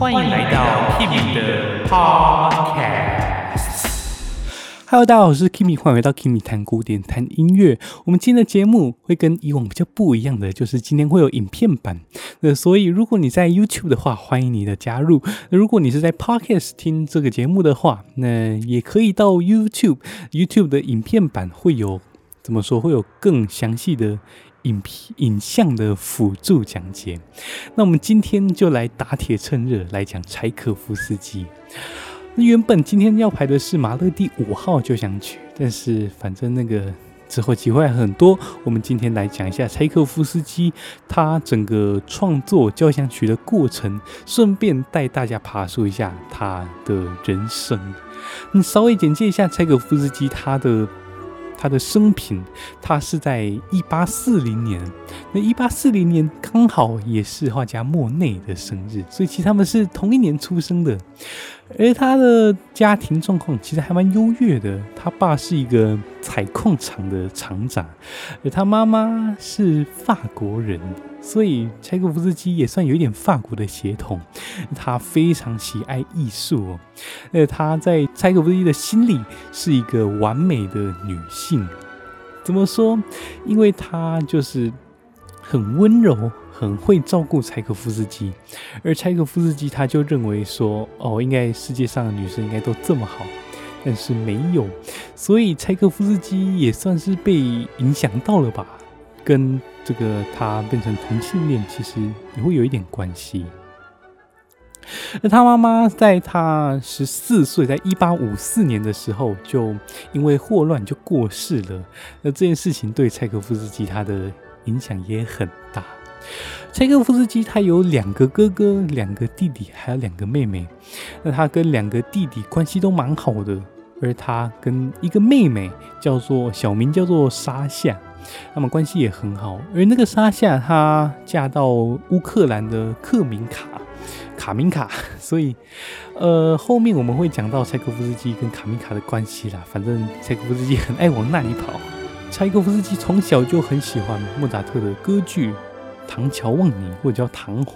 歡迎來到 Kimi 的 Podcast。Hello，大家好，我是 Kimi，歡迎來到 Kimi 談古典、談音樂。我們今天的節目會跟以往比較不一樣的，就是今天會有影片版。那所以，如果你在 YouTube 的話，歡迎你的加入。那如果你是在 Podcast 聽這個節目的話，那也可以到 YouTube，YouTube 的影片版會有，怎麼說，會有更詳細的。影皮影像的輔助講解。那我們今天就來打鐵趁熱來講柴可夫斯基。原本今天要排的是馬勒第五號交響曲，但是反正那個之後機會很多，我們今天來講一下柴可夫斯基他整個創作交響曲的過程，順便帶大家爬梳一下他的人生。稍微簡介一下柴可夫斯基他的。他的生平，他是在一八四零年，那一八四零年剛好也是畫家莫內的生日，所以其實他們是同一年出生的。而他的家庭狀況其實還蠻優越的，他爸是一個採礦廠的廠長，而他媽媽是法國人。所以柴可夫斯基也算有點法國的血統，他非常喜愛藝術哦。那他在柴可夫斯基的心裡是一個完美的女性，怎麼說？因為他就是很溫柔，很會照顧柴可夫斯基。而柴可夫斯基他就認為說，哦，應該世界上的女生應該都這麼好，但是沒有。所以柴可夫斯基也算是被影響到了吧。跟這個他變成同性戀，其實也會有一點關係。那他媽媽在他十四歲，在一八五四年的時候，就因為霍亂就過世了。那這件事情對柴可夫斯基他的影響也很大。柴可夫斯基他有兩個哥哥，兩個弟弟，還有兩個妹妹。那他跟兩個弟弟關係都蠻好的，而他跟一個妹妹叫做小名叫做沙夏。那麼關係也很好，而那個沙夏她嫁到烏克蘭的克明卡，卡明卡，所以，呃，後面我們會講到柴可夫斯基跟卡明卡的關係啦。反正柴可夫斯基很愛往那裡跑。柴可夫斯基從小就很喜歡莫扎特的歌劇《唐喬望尼》，或者叫《唐璜》，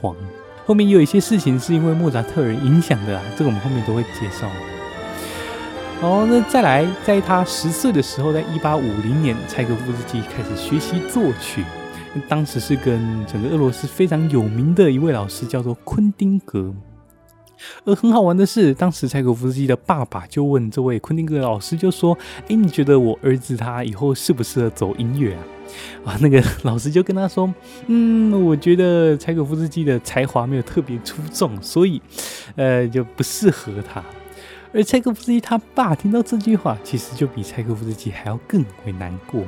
後面有一些事情是因為莫扎特人影響的啦，這個我們後面都會介紹。哦，那再來，在他十歲的時候，在一八五零年，柴可夫斯基開始學習作曲，當時是跟整個俄羅斯非常有名的一位老師，叫做昆丁格。而很好玩的是，當時柴可夫斯基的爸爸就問這位昆丁格老師，就說：“哎、欸，你覺得我兒子他以後適不適合走音樂啊？”啊，那個老師就跟他說：“嗯，我覺得柴可夫斯基的才華沒有特別出眾，所以，呃，就不適合他。”而柴可夫斯基他爸聽到這句話，其實就比柴可夫斯基還要更為難過。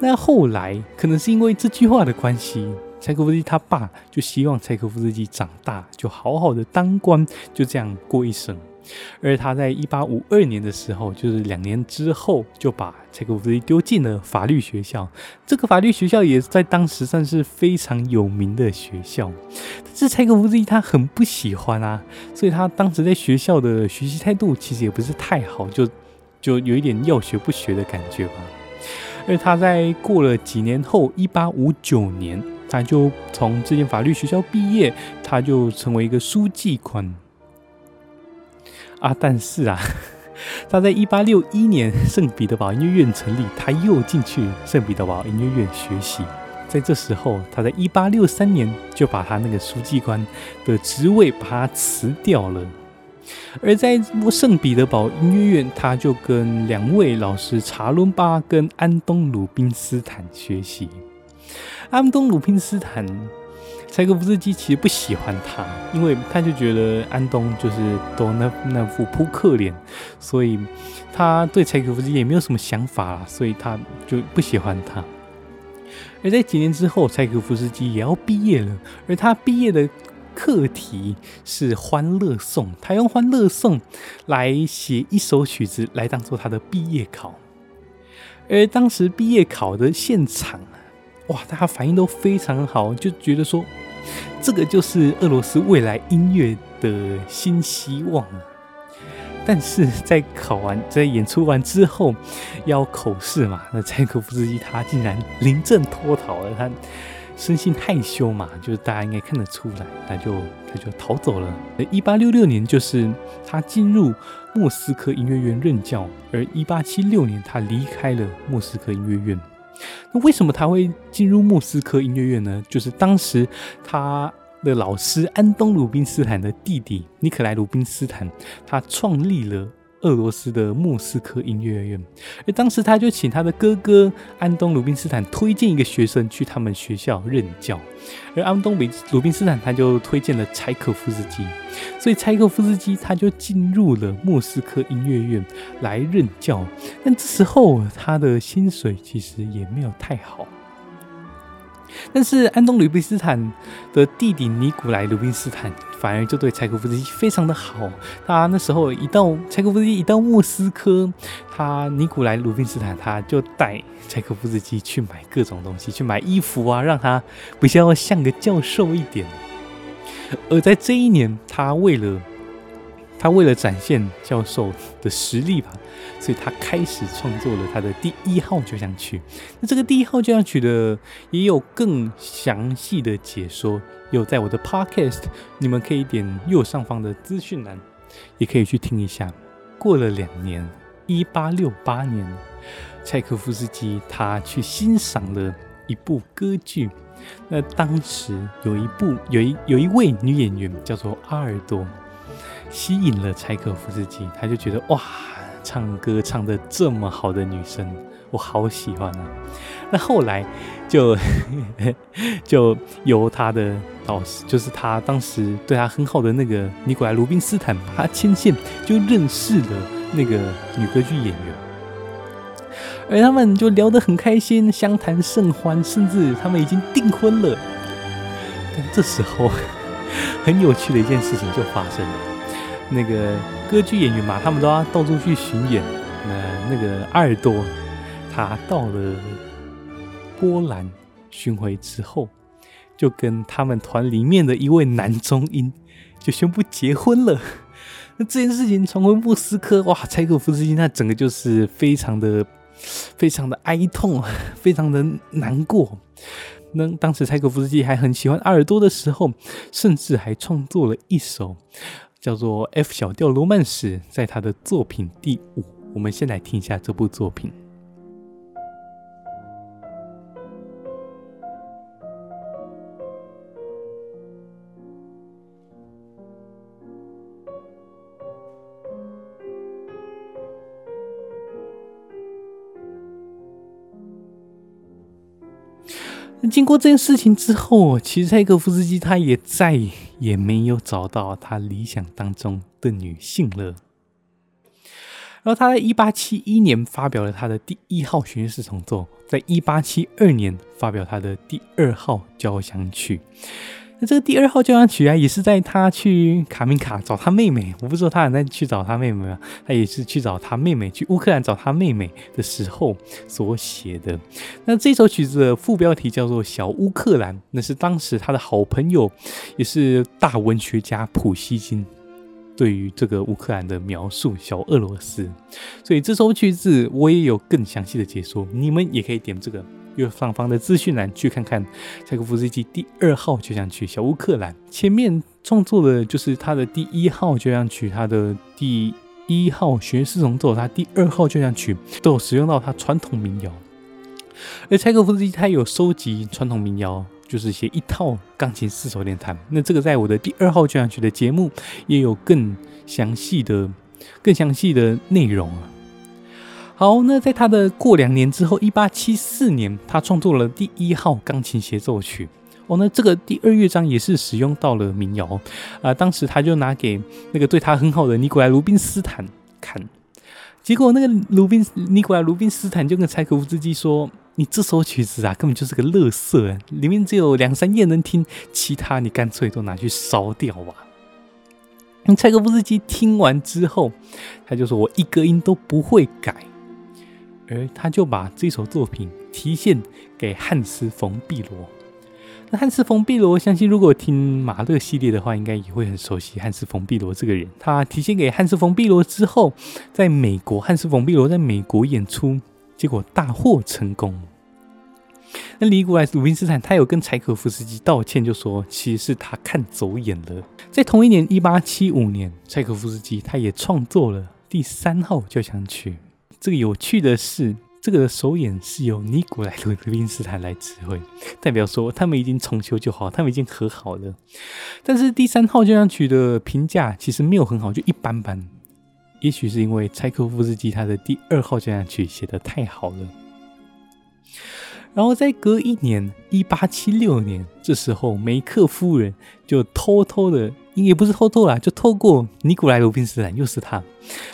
那後來，可能是因為這句話的關係，柴可夫斯基他爸就希望柴可夫斯基長大，就好好的當官，就這樣過一生。而他在一八五二年的時候，就是兩年之後，就把柴可夫斯基丟進了法律學校。這個法律學校也在當時算是非常有名的學校，但是柴可夫斯基他很不喜歡啊，所以他當時在學校的學習態度其實也不是太好，就就有一點要學不學的感覺吧。而他在過了幾年後，一八五九年，他就從這間法律學校畢業，他就成為一個書記官。啊，但是啊，他在一八六一年聖彼得堡音樂院成立，他又進去聖彼得堡音樂院學習。在這時候，他在一八六三年就把他那個書記官的職位把他辭掉了。而在聖彼得堡音樂院，他就跟兩位老師查倫巴跟安東魯賓斯坦學習。安東魯賓斯坦。柴可夫斯基其實不喜歡他，因為他就覺得安東就是多那那副撲克臉，所以他對柴可夫斯基也沒有什麼想法啦，所以他就不喜歡他。而在幾年之後，柴可夫斯基也要畢業了，而他畢業的課題是《歡樂頌》，他用《歡樂頌》來寫一首曲子來當做他的畢業考，而當時畢業考的現場。哇，大家反應都非常好，就覺得說，這個就是俄羅斯未來音樂的新希望啊。但是在考完，在演出完之後要口試嘛，那柴可夫斯基他竟然臨陣脫逃了。他生性害羞嘛，就是大家應該看得出來，他就他就逃走了。一八六六年就是他進入莫斯科音樂院任教，而一八七六年他離開了莫斯科音樂院。那為什麼他會進入莫斯科音樂院呢？就是當時他的老師安東·魯賓斯坦的弟弟尼克萊·魯賓斯坦，他創立了。俄羅斯的莫斯科音樂院，而當時他就請他的哥哥安東魯賓斯坦推薦一個學生去他們學校任教，而安東魯賓斯坦他就推薦了柴可夫斯基，所以柴可夫斯基他就進入了莫斯科音樂院來任教，但這時候他的薪水其實也沒有太好。但是安東·魯賓斯坦的弟弟尼古萊·魯賓斯坦反而就對柴可夫斯基非常的好。他那時候一到柴可夫斯基一到莫斯科，他尼古萊·魯賓斯坦他就帶柴可夫斯基去買各種東西，去買衣服啊，讓他比較像個教授一點。而在這一年，他為了他為了展現教授的實力吧，所以他開始創作了他的第一號交響曲。那這個第一號交響曲的也有更詳細的解說，有在我的 podcast，你們可以點右上方的資訊欄，也可以去聽一下。過了兩年，一八六八年，柴可夫斯基他去欣賞了一部歌劇。那當時有一部有一有一位女演員叫做阿爾多。吸引了柴可夫斯基，他就覺得哇，唱歌唱得這麼好的女生，我好喜歡啊！那後來就呵呵就由他的導師，就是他當時對他很好的那個尼古萊·魯賓斯坦，他牽線，就認識了那個女歌劇演員，而他們就聊得很開心，相談甚歡，甚至他們已經訂婚了。但這時候，很有趣的一件事情就發生了。那個歌劇演員嘛，他們都要到處去巡演。那那個阿爾多，他到了波蘭巡迴之後，就跟他們團裡面的一位男中音就宣布結婚了。那這件事情傳回莫斯科，哇，柴可夫斯基那整個就是非常的、非常的哀痛，非常的難過。那當時柴可夫斯基還很喜歡阿爾多的時候，甚至還創作了一首。叫做《F 小調羅曼史》在他的作品第五，我們先來聽一下這部作品。經過這件事情之後，其實柴可夫斯基他也在。也沒有找到他理想當中的女性了，然後他在一八七一年發表了他的第一號弦樂四重奏，在一八七二年發表他的第二號交響曲。那這個第二號交響曲啊，也是在他去卡明卡找他妹妹，我不知道他還在去找他妹妹嗎？他也是去找他妹妹，去烏克蘭找他妹妹的時候所寫的。那這首曲子的副標題叫做《小烏克蘭》，那是當時他的好朋友，也是大文學家普希金對於這個烏克蘭的描述，《小俄羅斯》。所以這首曲子我也有更詳細的解說，你們也可以點這個。右上方的資訊欄去看看柴可夫斯基第二號交響曲小烏克蘭，前面創作的就是他的第一號交響曲，他的第一號弦樂四重奏，他第二號交響曲都有使用到他傳統民謠。而柴可夫斯基他有收集傳統民謠，就是寫一套鋼琴四手聯彈。那這個在我的第二號交響曲的節目也有更詳細的、更詳細的內容。好，那在他的過兩年之後，一八七四年，他創作了第一號鋼琴協奏曲。哦、oh，那這個第二樂章也是使用到了民謠啊、呃。當時他就拿給那個對他很好的尼古萊·魯賓斯坦看，結果那個魯賓尼古萊·魯賓斯坦就跟柴可夫斯基說：“你這首曲子啊，根本就是個垃圾，裡面只有兩三頁能聽，其他你乾脆都拿去燒掉吧。”那柴可夫斯基聽完之後，他就說：“我一個音都不會改。”而他就把這首作品提獻給漢斯馮碧羅。那漢斯馮碧羅，相信如果聽馬勒系列的話，應該也會很熟悉漢斯馮碧羅這個人。他提獻給漢斯馮碧羅之後，在美國，漢斯馮碧羅在美國演出，結果大獲成功。那尼古拉斯魯賓斯坦，他有跟柴可夫斯基道歉，就說其實是他看走眼了。在同一年，一八七五年，柴可夫斯基他也創作了第三號交響曲。這個有趣的是，這個首演是由尼古拉·魯賓斯坦來指揮，代表說他們已經重修舊好，他們已經和好了。但是第三號交響曲的評價其實沒有很好，就一般般。也許是因為柴可夫斯基他的第二號交響曲寫得太好了。然後再隔一年，一八七六年，這時候梅克夫人就偷偷的。也不是偷偷啦，就透過尼古萊·盧賓斯坦，又是他，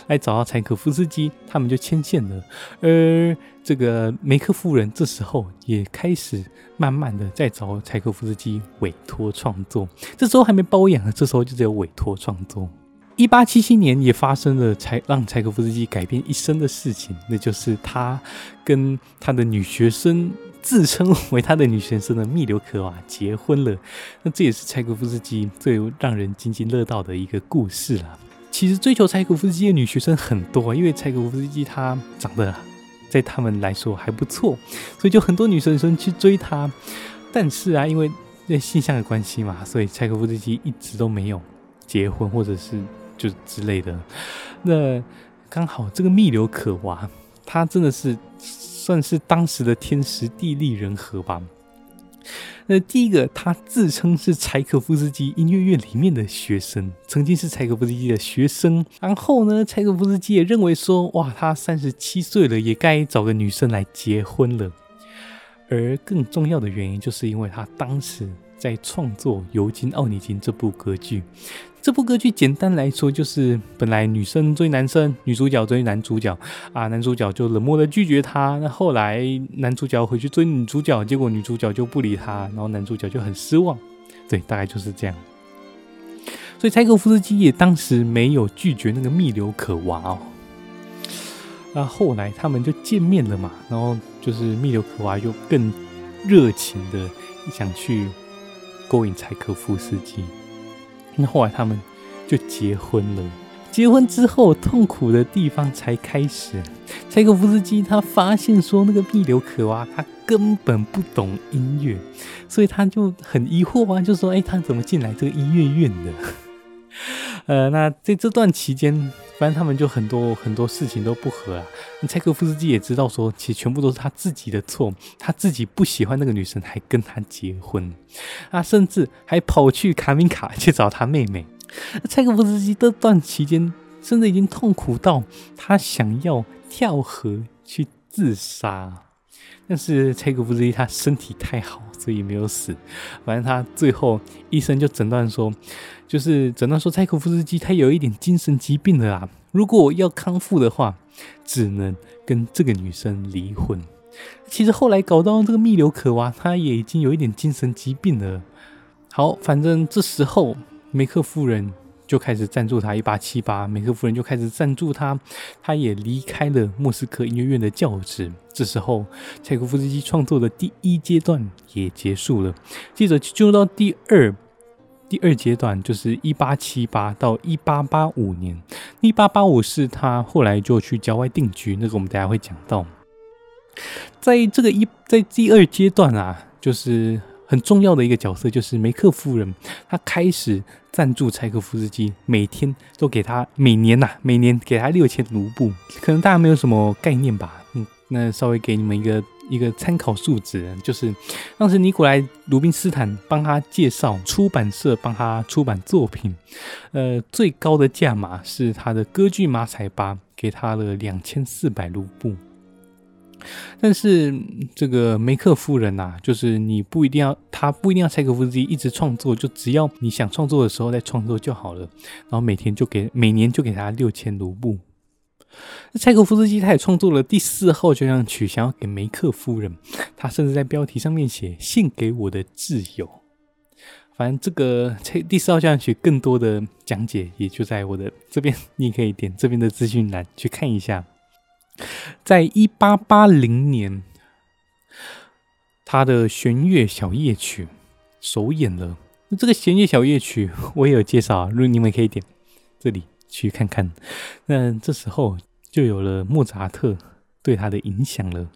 來找到柴可夫斯基，他們就牽線了。而這個梅克夫人這時候也開始慢慢的在找柴可夫斯基委托創作，這時候還沒包養呢啊，這時候就只有委托創作。一八七七年也發生了柴讓柴可夫斯基改變一生的事情，那就是他跟他的女學生。自稱為他的女學生的密留可娃結婚了，那這也是柴可夫斯基最讓人津津樂道的一個故事了。其實追求柴可夫斯基的女學生很多，因為柴可夫斯基他長得在他們來說還不錯，所以就很多女學生去追他。但是啊，因為那性向的關係嘛，所以柴可夫斯基一直都沒有結婚，或者是就之類的。那剛好這個密留可娃，她真的是。算是當時的天時地利人和吧。那第一個，他自稱是柴可夫斯基音樂院裡面的學生，曾經是柴可夫斯基的學生。然後呢，柴可夫斯基也認為說，哇，他三十七歲了，也該找個女生來結婚了。而更重要的原因就是因為他當時。在創作《尤金·奧尼金》這部歌劇，這部歌劇簡單來說就是：本來女生追男生，女主角追男主角啊，男主角就冷漠的拒絕她，那後來男主角回去追女主角，結果女主角就不理他，然後男主角就很失望。對，大概就是這樣。所以柴可夫斯基也當時沒有拒絕那個密留可娃哦、喔。那、啊、後來他們就見面了嘛，然後就是密留可娃又更熱情的想去。勾引柴可夫斯基，那後來他們就結婚了。結婚之後，痛苦的地方才開始。柴可夫斯基他發現說，那個碧流可娃、啊、她根本不懂音樂，所以他就很疑惑啊，就說：“哎、欸，她怎麼進來這個音樂院的？”呃，那在這段期間，反正他們就很多很多事情都不和啊，那柴可夫斯基也知道說，其實全部都是他自己的錯，他自己不喜歡那個女生，還跟她結婚，啊，甚至還跑去卡明卡去找他妹妹。那柴可夫斯基這段期間，甚至已經痛苦到他想要跳河去自殺。但是柴可夫斯基他身體太好，所以沒有死。反正他最後醫生就診斷說，就是診斷說柴可夫斯基他有一點精神疾病的啦。如果要康復的話，只能跟這個女生離婚。其實後來搞到這個密流可娃，她也已經有一點精神疾病了。好，反正這時候梅克夫人。就開始贊助他，一八七八，梅克夫人就開始贊助他，他也離開了莫斯科音樂院的教職。這時候，柴可夫斯基創作的第一階段也結束了，接着進入到第二第二階段，就是一八七八到一八八五年。一八八五是他後來就去郊外定居，那個我們等下會講到。在這個一在第二階段啊，就是。很重要的一個角色就是梅克夫人，她開始贊助柴可夫斯基，每天都給他，每年吶、啊，每年給他六千盧布，可能大家沒有什麼概念吧，嗯，那稍微給你們一個一個參考數值，就是當時尼古萊·魯賓斯坦幫他介紹出版社，幫他出版作品，呃，最高的價碼是他的歌劇《馬采巴》，給他的兩千四百盧布。但是這個梅克夫人吶、啊，就是你不一定要，他不一定要柴可夫斯基一直創作，就只要你想創作的時候再創作就好了。然後每天就給，每年就給他六千盧布。那柴可夫斯基他也創作了第四號交響曲，想要給梅克夫人。他甚至在標題上面寫“獻給我的摯友”。反正這個這第四號交響曲更多的講解也就在我的這邊，你可以點這邊的資訊欄去看一下。在一八八零年，他的弦樂小夜曲首演了。那這個弦樂小夜曲我也有介紹啊，如果你們可以點這裡去看看。那這時候就有了莫扎特對他的影響了。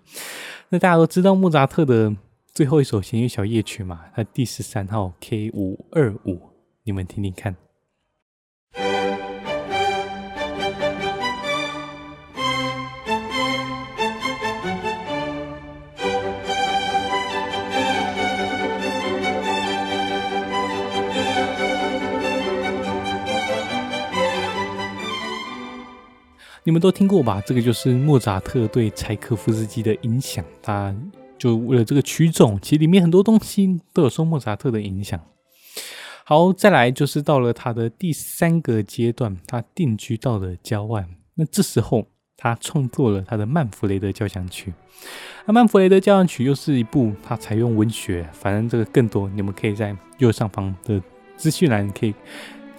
那大家都知道莫扎特的最後一首弦樂小夜曲嘛，他第十三號 K 五二五，你們聽聽看。你們都聽過吧？這個就是莫扎特對柴可夫斯基的影響。他就為了這個曲種，其實裡面很多東西都有受莫扎特的影響。好，再來就是到了他的第三個階段，他定居到了郊外。那這時候他創作了他的《曼弗雷德交響曲》。那《曼弗雷德交響曲》又是一部，它採用文學，反正這個更多，你們可以在右上方的資訊欄可以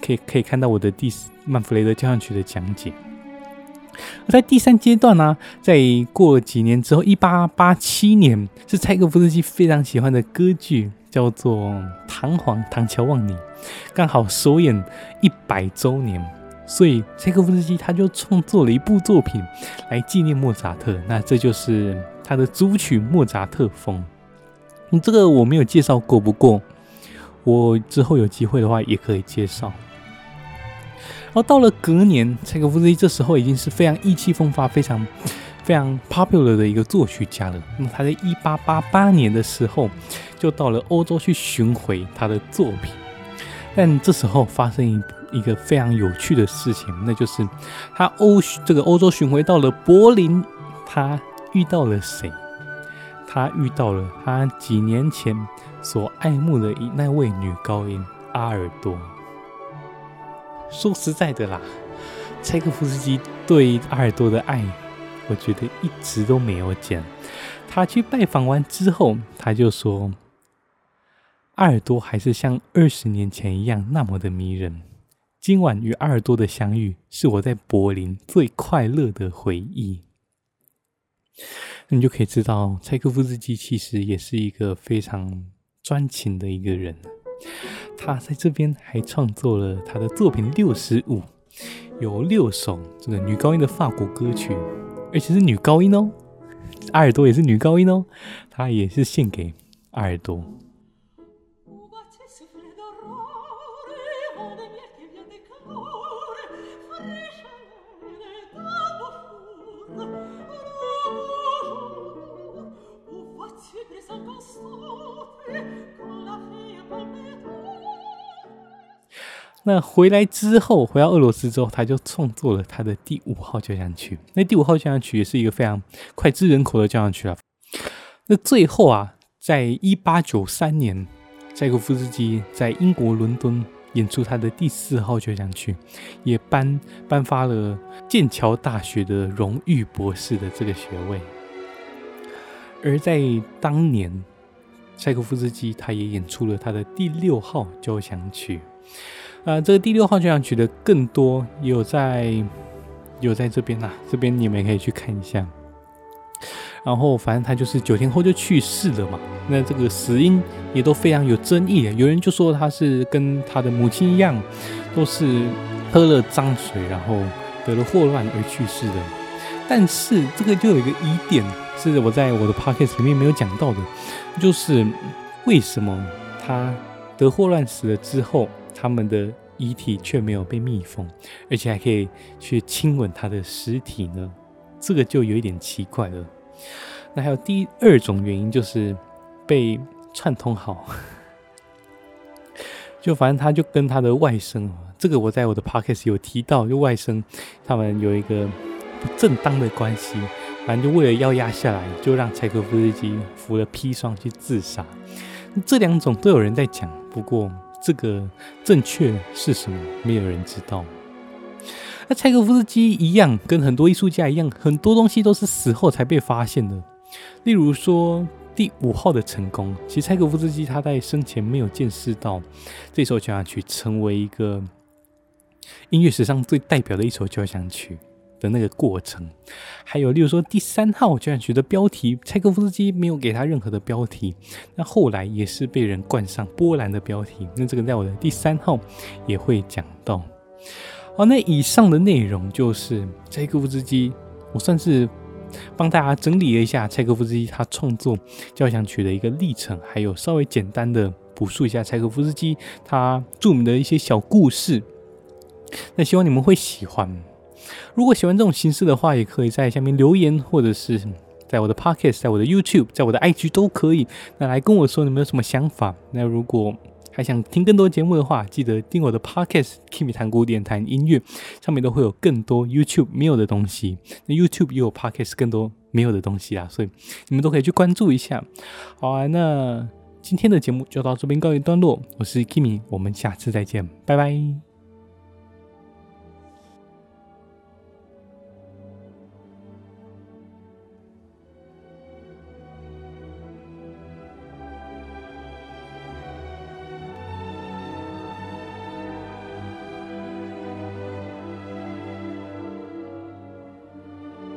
可以可以看到我的第四《曼弗雷德交響曲》的講解。而在第三階段呢、啊，在過幾年之後，一八八七年是柴可夫斯基非常喜歡的歌劇，叫做《唐璜》、《唐喬望尼》，剛好首演一百周年，所以柴可夫斯基他就創作了一部作品來紀念莫扎特。那這就是他的主曲《莫扎特風》。嗯，這個我沒有介紹過、過，不過我之後有機會的話也可以介紹。而到了隔年，柴可夫斯基這時候已經是非常意氣風發、非常非常 popular 的一個作曲家了。那麼他在1888年的時候，就到了歐洲去巡回他的作品。但這時候發生一一個非常有趣的事情，那就是他歐這個歐洲巡回到了柏林，他遇到了誰？他遇到了他幾年前所愛慕的那位女高音阿爾多。說實在的啦，柴可夫斯基對阿爾多的愛，我覺得一直都沒有減。他去拜訪完之後，他就說：“阿爾多還是像二十年前一樣那麼的迷人。今晚與阿爾多的相遇，是我在柏林最快樂的回憶。”你就可以知道，柴可夫斯基其實也是一個非常專情的一個人。他在這邊還創作了他的作品六十五，有六首這個女高音的法國歌曲，而且是女高音哦，阿爾多也是女高音哦，他也是獻給阿爾多。那回來之後，回到俄羅斯之後，他就創作了他的第五號交響曲。那第五號交響曲也是一個非常膾炙人口的交響曲啊。那最後啊，在一八九三年，柴可夫斯基在英國倫敦演出他的第四號交響曲，也頒頒發了劍橋大學的榮譽博士的這個學位。而在當年，柴可夫斯基他也演出了他的第六號交響曲。呃，這個第六號就想取得更多，也有在有在這邊啦，這邊你們也可以去看一下。然後，反正他就是九天後就去世了嘛。那這個死因也都非常有爭議，有人就說他是跟他的母親一樣，都是喝了髒水，然後得了霍亂而去世的。但是這個就有一個疑點，是我在我的 podcast 裡面沒有講到的，就是為什麼他得霍亂死了之後。他們的遺體卻沒有被密封，而且還可以去親吻他的屍體呢，這個就有一點奇怪了。那還有第二種原因，就是被串通好，就反正他就跟他的外甥，這個我在我的 Podcast 有提到，就外甥他們有一個不正當的關係，反正就為了要壓下來，就讓柴可夫斯基服了砒霜去自殺。這兩種都有人在講，不過。這個正確是什麼？沒有人知道。那柴可夫斯基一樣，跟很多藝術家一樣，很多東西都是死後才被發現的。例如說，《第五號》的成功，其實柴可夫斯基他在生前沒有見識到，這首交響曲、啊、成為一個音樂史上最代表的一首交響曲。的那個過程，還有例如說第三號交響曲的標題，柴可夫斯基沒有給他任何的標題，那後來也是被人冠上波蘭的標題。那這個在我的第三號也會講到。好，那以上的內容就是柴可夫斯基，我算是幫大家整理了一下柴可夫斯基他創作交響曲的一個歷程，還有稍微簡單的補述一下柴可夫斯基他著名的一些小故事。那希望你們會喜歡。如果喜歡這種形式的話，也可以在下面留言，或者是在我的 podcast，在我的 YouTube，在我的 IG 都可以，那來跟我說你們有什麼想法。那如果還想聽更多節目的話，記得訂我的 podcast，Kimmy 談古典談音樂，上面都會有更多 YouTube 沒有的東西。那 YouTube 也有 podcast 更多沒有的東西啊，所以你們都可以去關注一下。好啊，那今天的節目就到這邊告一段落。我是 Kimmy，我們下次再見，拜拜。